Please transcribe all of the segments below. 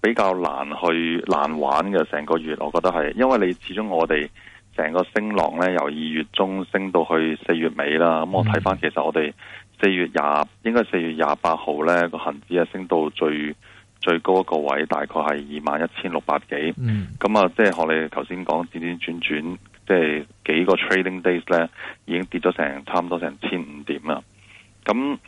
比較難去難玩嘅成個月，我覺得係，因為你始終我哋成個升浪咧，由二月中升到去四月尾啦。咁、嗯、我睇翻，其實我哋四月廿，應該四月廿八號咧個恒指啊升到最最高一個位，大概係二萬一千六百幾。咁啊、嗯，即係我哋頭先講，轉轉轉，即係幾個 trading days 咧，已經跌咗成差唔多成千五點啦。咁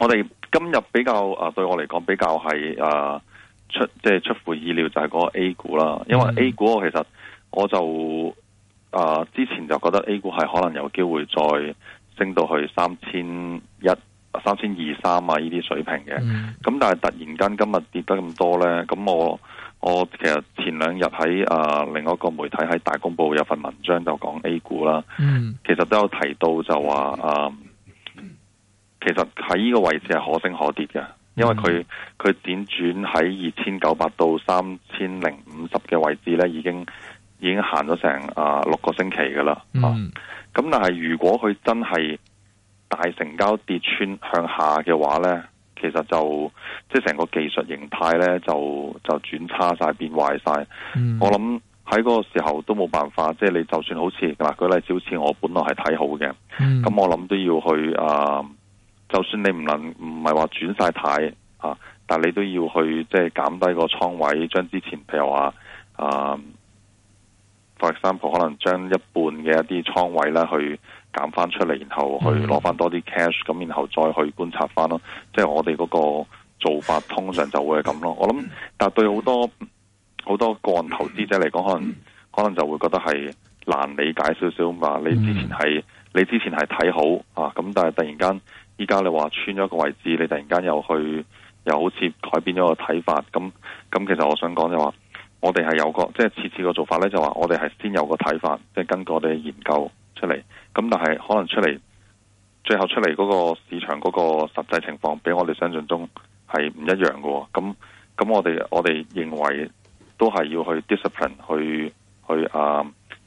我哋今日比較啊，對我嚟講比較係啊。呃出即係出乎意料，就係嗰個 A 股啦。因為 A 股，我其實我就啊、嗯呃、之前就覺得 A 股係可能有機會再升到去三千一、三千二三啊呢啲水平嘅。咁、嗯、但係突然間今日跌得咁多呢，咁我我其實前兩日喺啊另一個媒體喺大公報有份文章就講 A 股啦。嗯、其實都有提到就話啊、呃，其實喺呢個位置係可升可跌嘅。因為佢佢點轉喺二千九百到三千零五十嘅位置咧，已經已經行咗成啊六個星期噶啦，咁、嗯啊、但係如果佢真係大成交跌穿向下嘅話咧，其實就即係成個技術形態咧，就就轉差晒變壞晒。嗯、我諗喺嗰個時候都冇辦法，即係你就算好似嗱舉例子好似我本來係睇好嘅，咁我諗都要去啊。嗯就算你唔能唔係話轉晒軚，啊，但你都要去即係減低個倉位，將之前譬如話啊 for example 可能將一半嘅一啲倉位咧去減翻出嚟，然後去攞翻多啲 cash，咁然後再去觀察翻咯，啊。即係我哋嗰個做法通常就會係咁咯。我諗，但係對好多好多個人投資者嚟講，可能可能就會覺得係難理解少少嘛，你之前係你之前係睇好啊，咁但係突然間。依家你話穿咗個位置，你突然間又去，又好似改變咗個睇法。咁咁其實我想講就話我哋係有個，即係次次個做法呢，就話我哋係先有個睇法，即係根據我哋嘅研究出嚟。咁但係可能出嚟，最後出嚟嗰個市場嗰個實際情況，比我哋想象中係唔一樣嘅。咁咁我哋我哋認為都係要去 discipline 去去啊。Uh,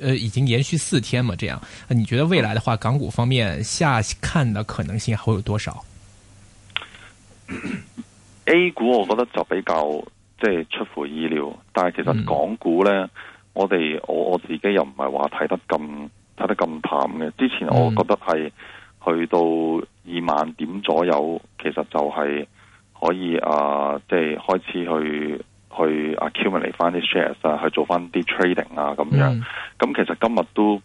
呃，已經延續四天嘛，這樣，你覺得未來的話，港股方面下看的可能性還會有多少？A 股我覺得就比較即係、就是、出乎意料，但係其實港股呢，我哋我我自己又唔係話睇得咁睇得咁淡嘅。之前我覺得係去到二萬點左右，其實就係可以啊，即、就、係、是、開始去。去 accumulate 翻啲 shares 啊，去做翻啲 trading 啊，咁樣。咁、mm. 其實今日都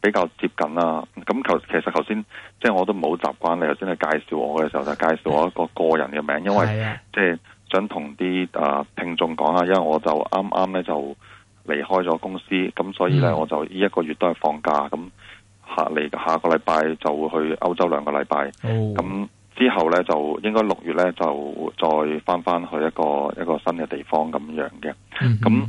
比較接近啦、啊。咁頭其實頭先，即係我都冇習慣你頭先係介紹我嘅時候，就介紹我一個個人嘅名，mm. 因為、mm. 即係想同啲啊聽眾講啊，因為我就啱啱咧就離開咗公司，咁所以咧、mm. 我就呢一個月都係放假，咁下嚟下個禮拜就會去歐洲兩個禮拜，咁、oh.。之後咧就應該六月咧就再翻翻去一個一個新嘅地方咁樣嘅。咁、mm hmm.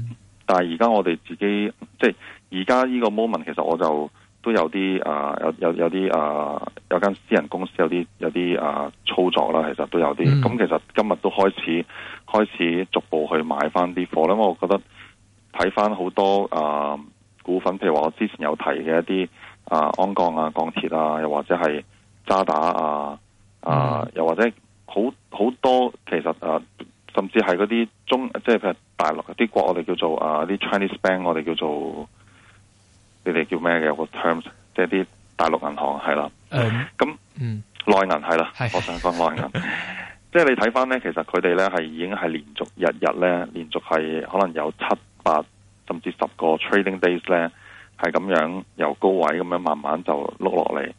但係而家我哋自己即係而家呢個 moment 其實我就都有啲啊有有有啲啊有間私人公司有啲有啲啊操作啦，其實都有啲。咁、mm hmm. 其實今日都開始開始逐步去買翻啲貨啦，因為我覺得睇翻好多啊股份，譬如話我之前有提嘅一啲啊鞍鋼啊鋼鐵啊，又或者係渣打啊。啊、呃，又或者好好多，其實啊、呃，甚至係嗰啲中，即係譬如大陸啲國，我哋叫做啊，啲 Chinese bank，我哋叫做你哋叫咩嘅有個 terms 即係啲大陸銀行係啦。誒那，咁內銀係啦，內銀是我想講內銀。 即係你睇翻咧，其實佢哋咧係已經係連續日日咧，連續係可能有七八甚至十個 trading days 咧，係咁樣由高位咁樣慢慢就碌落嚟。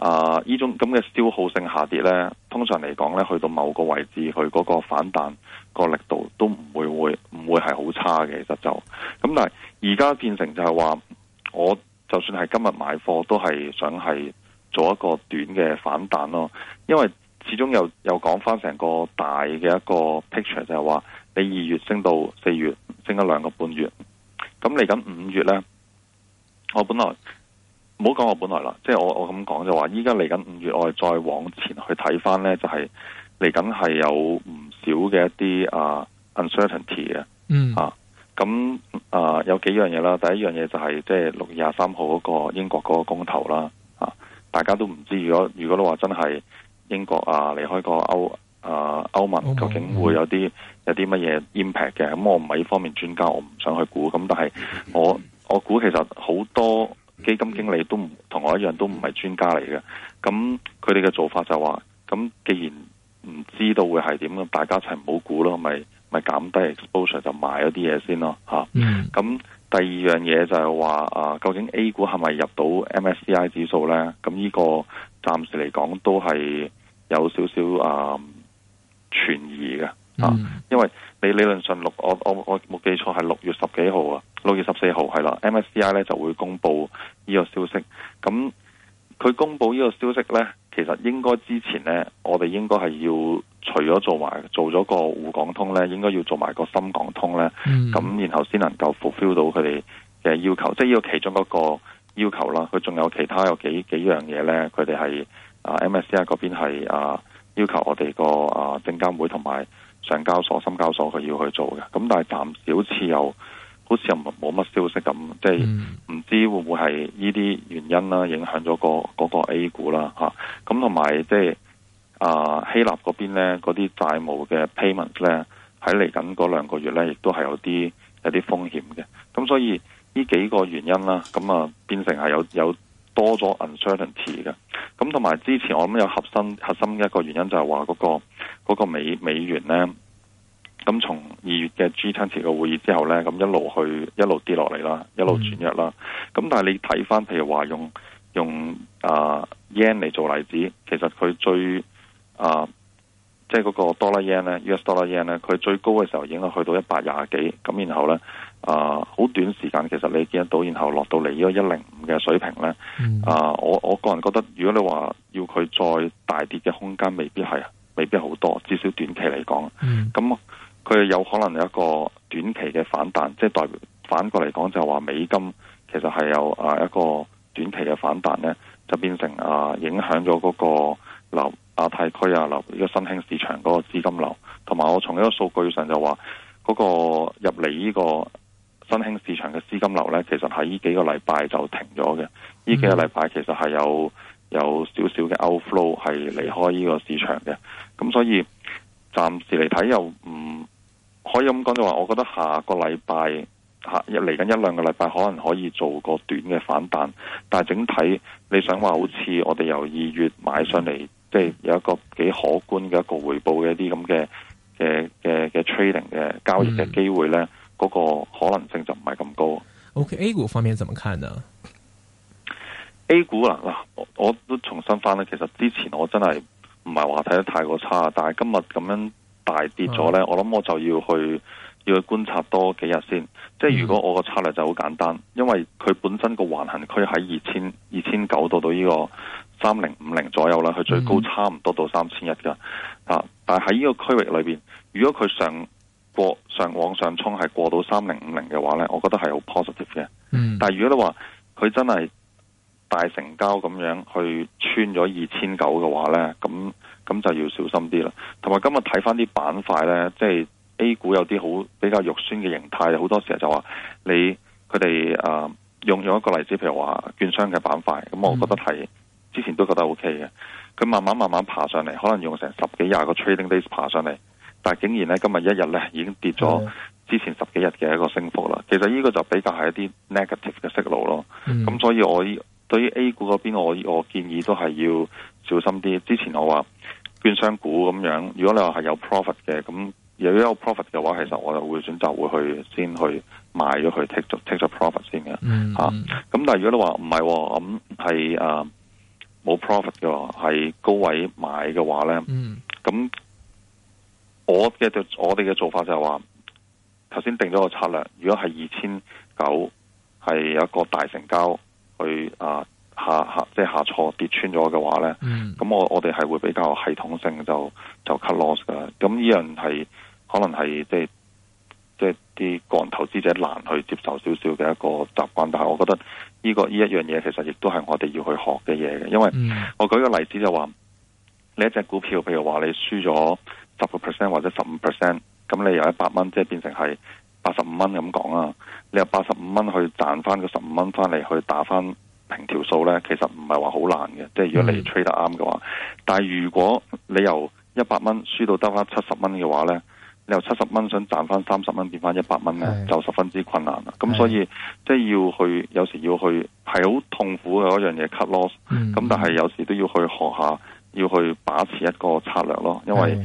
啊！呢種咁嘅消耗性下跌呢，通常嚟講呢，去到某個位置，佢嗰個反彈個力度都唔會會唔會係好差嘅，其實就就咁。但係而家變成就係話，我就算係今日買貨，都係想係做一個短嘅反彈咯。因為始終又又講翻成個大嘅一個 picture 就係話，你二月升到四月，升咗兩個半月，咁嚟緊五月呢，我本來。唔好講我本來啦，即係我我咁講就話，依家嚟緊五月，我再往前去睇翻咧，就係嚟緊係有唔少嘅一啲、uh, 嗯、啊 uncertainty 嘅，嗯咁啊有幾樣嘢啦，第一樣嘢就係、是、即係六月廿三號嗰個英國嗰個公投啦，啊，大家都唔知如果如果咧話真係英國啊離開個歐啊歐盟，說究竟會有啲、嗯、有啲乜嘢 impact 嘅，咁我唔係呢方面專家，我唔想去估，咁但係我、嗯、我估其實好多。基金經理都唔同我一樣，都唔係專家嚟嘅。咁佢哋嘅做法就話，咁既然唔知道會係點，大家一齊唔好估咯，咪咪減低 exposure 就買咗啲嘢先咯。咁、啊嗯、第二樣嘢就係話，啊，究竟 A 股係咪入到 MSCI 指數咧？咁呢個暫時嚟講都係有少少啊存疑嘅。啊嗯、因為。你理論上六，我我我冇記錯係六月十幾號啊，六月十四號係啦，MSCI 咧就會公佈呢個消息。咁佢公布呢個消息咧，其實應該之前咧，我哋應該係要除咗做埋做咗個滬港通咧，應該要做埋個深港通咧。咁、嗯、然後先能夠 fulfill 到佢哋嘅要求，即係呢個其中一個要求啦。佢仲有其他有幾幾樣嘢咧，佢哋係啊 MSCI 嗰邊係啊要求我哋個啊證監會同埋。上交所、深交所佢要去做嘅，咁但係暫時似又好似又冇乜消息咁，即係唔知會唔會係呢啲原因啦，影響咗個嗰個 A 股啦吓，咁同埋即係啊、就是、啊希臘嗰邊咧，嗰啲債務嘅 payments 咧喺嚟緊嗰兩個月咧，亦都係有啲有啲風險嘅，咁所以呢幾個原因啦，咁啊變成係有有多咗 uncertainty 嘅。咁同埋之前，我諗有核心核心一個原因就係話嗰個嗰個美美元咧，咁從二月嘅 G 20嘅會議之後咧，咁一路去一路跌落嚟啦，一路轉弱啦。咁但係你睇翻，譬如話用用啊 yen 嚟做例子，其實佢最啊即係嗰個 dollar yen 咧，US dollar yen 咧，佢最高嘅時候已經去到一百廿幾，咁然後咧。啊，好短時間其實你見得到，然後落到嚟呢個一零五嘅水平咧。嗯、啊，我我個人覺得，如果你話要佢再大跌嘅空間，未必係，未必好多。至少短期嚟講，咁佢、嗯、有可能有一個短期嘅反彈，即係代表反過嚟講就話美金其實係有啊一個短期嘅反彈咧，就變成啊影響咗嗰個流亞太區啊流呢個新興市場嗰個資金流，同埋我從一個數據上就話嗰個入嚟呢個。新興市場嘅資金流呢，其實喺呢幾個禮拜就停咗嘅。呢、嗯、幾個禮拜其實係有有少少嘅 outflow 係離開呢個市場嘅。咁所以暫時嚟睇，又唔可以咁講，就話我覺得下個禮拜下一嚟緊一兩個禮拜可能可以做個短嘅反彈，但係整體你想話好似我哋由二月買上嚟，即係有一個幾可觀嘅一個回報嘅一啲咁嘅嘅嘅嘅 trading 嘅交易嘅機、嗯、會呢。嗰個可能性就唔係咁高。OK，A 股方面怎麼看呢？A 股啦，嗱，我都重新翻啦。其實之前我真係唔係話睇得太過差，但係今日咁樣大跌咗呢。哦、我諗我就要去要去觀察多幾日先。即係如果我個策略就好簡單，嗯、因為佢本身個橫行區喺二千二千九到到呢個三零五零左右啦，佢最高差唔多到三千一噶。啊，但係喺呢個區域裏邊，如果佢上。過上往上衝係過到三零五零嘅話呢，我覺得係好 positive 嘅。嗯、但係如果你話佢真係大成交咁樣去穿咗二千九嘅話呢，咁咁就要小心啲啦。同埋今日睇翻啲板塊呢，即係 A 股有啲好比較肉酸嘅形態，好多時候就話你佢哋誒用咗一個例子，譬如話券商嘅板塊，咁我覺得係、嗯、之前都覺得 O K 嘅，佢慢慢慢慢爬上嚟，可能用成十幾廿個 trading days 爬上嚟。但係竟然咧，今日一日咧已經跌咗之前十幾日嘅一個升幅啦。其實呢個就比較係一啲 negative 嘅息路咯。咁、嗯、所以我對於 A 股嗰邊，我我建議都係要小心啲。之前我話券商股咁樣，如果你話係有 profit 嘅，咁如果有 profit 嘅話，其實我就會選擇會去先去賣咗佢 take take 咗 profit 先嘅吓。咁、嗯嗯啊、但係如果你話唔係咁係誒冇 profit 嘅，係高位買嘅話咧，咁、嗯。我嘅我哋嘅做法就係話，頭先定咗個策略。如果係二千九係有一個大成交去啊下下即係下挫跌穿咗嘅話咧，咁、嗯、我我哋係會比較系統性就就 cut loss 噶。咁呢樣係可能係即係即係啲個人投資者難去接受少少嘅一個習慣，但係我覺得呢、呢個呢一樣嘢其實亦都係我哋要去學嘅嘢嘅。因為我舉個例子就話，你一隻股票，譬如話你輸咗。十個 percent 或者十五 percent，咁你由一百蚊即係變成係八十五蚊咁講啊，你由八十五蚊去賺翻個十五蚊翻嚟去打翻平條數咧，其實唔係話好難嘅，即係如果你 trade 得啱嘅話。嗯、但係如果你由一百蚊輸到得翻七十蚊嘅話咧，你由七十蚊想賺翻三十蚊變翻一百蚊咧，是的 就十分之困難啦。咁是的 所以是的 即係要去，有時要去係好痛苦嘅一樣嘢，cut loss。咁、嗯、但係有時都要去學下，要去把持一個策略咯，因為。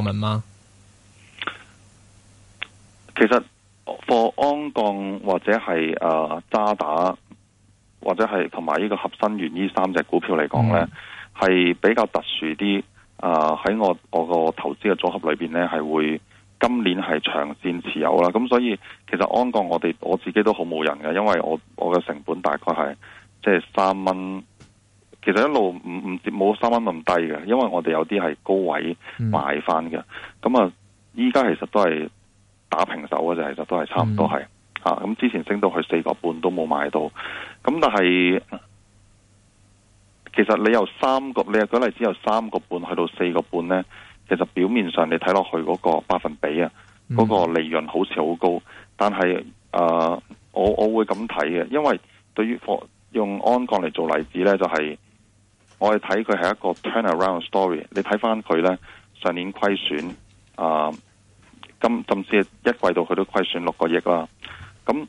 文嗎？其實，貨安鋼或者係啊、呃、渣打，或者係同埋呢個合生元呢三隻股票嚟講呢係、嗯、比較特殊啲啊！喺、呃、我我個投資嘅組合裏邊呢係會今年係長線持有啦。咁所以，其實安鋼我哋我自己都好冇人嘅，因為我我嘅成本大概係即係三蚊。就是其實一路唔唔冇三蚊咁低嘅，因為我哋有啲係高位買返嘅，咁啊，依家其實都係打平手嘅，啫，其實都係差唔多係，咁、嗯啊、之前升到去四個半都冇買到，咁但係其實你由三個你又舉例只有三個半去到四個半呢，其實表面上你睇落去嗰個百分比啊，嗰、嗯、個利潤好似好高，但係啊、呃，我我會咁睇嘅，因為對於貨用安鋼嚟做例子呢，就係、是。我哋睇佢係一個 turnaround story，你睇翻佢呢，上年虧損啊，今、呃、甚至一季度佢都虧損六個億啦。咁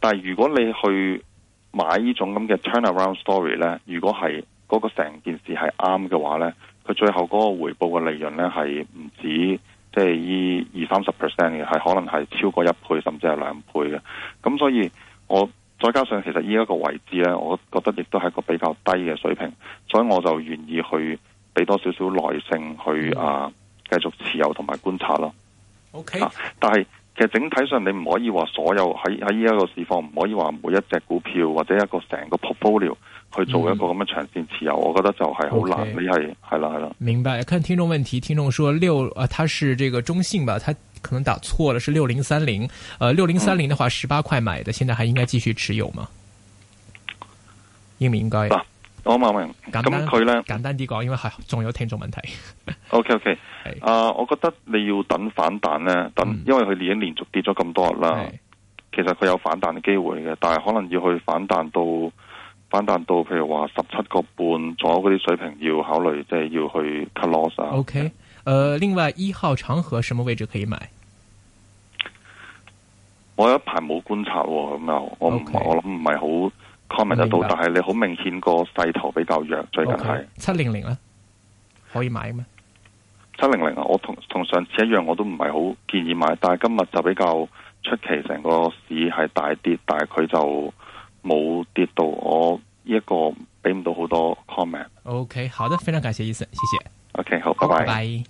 但係如果你去買呢種咁嘅 turnaround story 呢，如果係嗰個成件事係啱嘅話呢，佢最後嗰個回報嘅利潤呢係唔止即係呢二三十 percent 嘅，係可能係超過一倍甚至係兩倍嘅。咁所以我。再加上其實呢一個位置咧，我覺得亦都係一個比較低嘅水平，所以我就願意去俾多少少耐性去啊繼續持有同埋觀察咯。OK。啊，但係其實整體上你唔可以話所有喺喺呢一個市況，唔可以話每一隻股票或者一個成個 portfolio。去做一個咁嘅長線持有，嗯、我覺得就係好難。Okay, 你係係啦係啦，是是明白？看聽眾問題，聽眾說六，啊，他是這個中信吧？他可能打錯了，是六零三零。呃，六零三零的話，十八塊買的，嗯、現在還應該繼續持有嗎？應唔應該？啊、我冇問。咁佢咧，簡單啲講，因為係仲有聽眾問題。OK OK，係啊，我覺得你要等反彈呢等，嗯、因為佢已經連續跌咗咁多日啦，嗯、其實佢有反彈嘅機會嘅，但係可能要去反彈到。反彈到譬如話十七個半左右嗰啲水平，要考慮即係要去 cut loss 啊。O、okay. K，呃，另外一號長河什麼位置可以買？我有一排冇觀察、哦，咁又我唔 Okay. 我諗唔係好 comment 得到，但係你好明顯個勢頭比較弱，最近係七零零咧可以買咩？七零零啊，我同同上次一樣，我都唔係好建議買，但係今日就比較出奇，成個市係大跌，但係佢就。冇跌到，我呢一個俾唔到好多 comment。OK，好的，非常感謝，醫生，謝謝。OK，好，拜拜。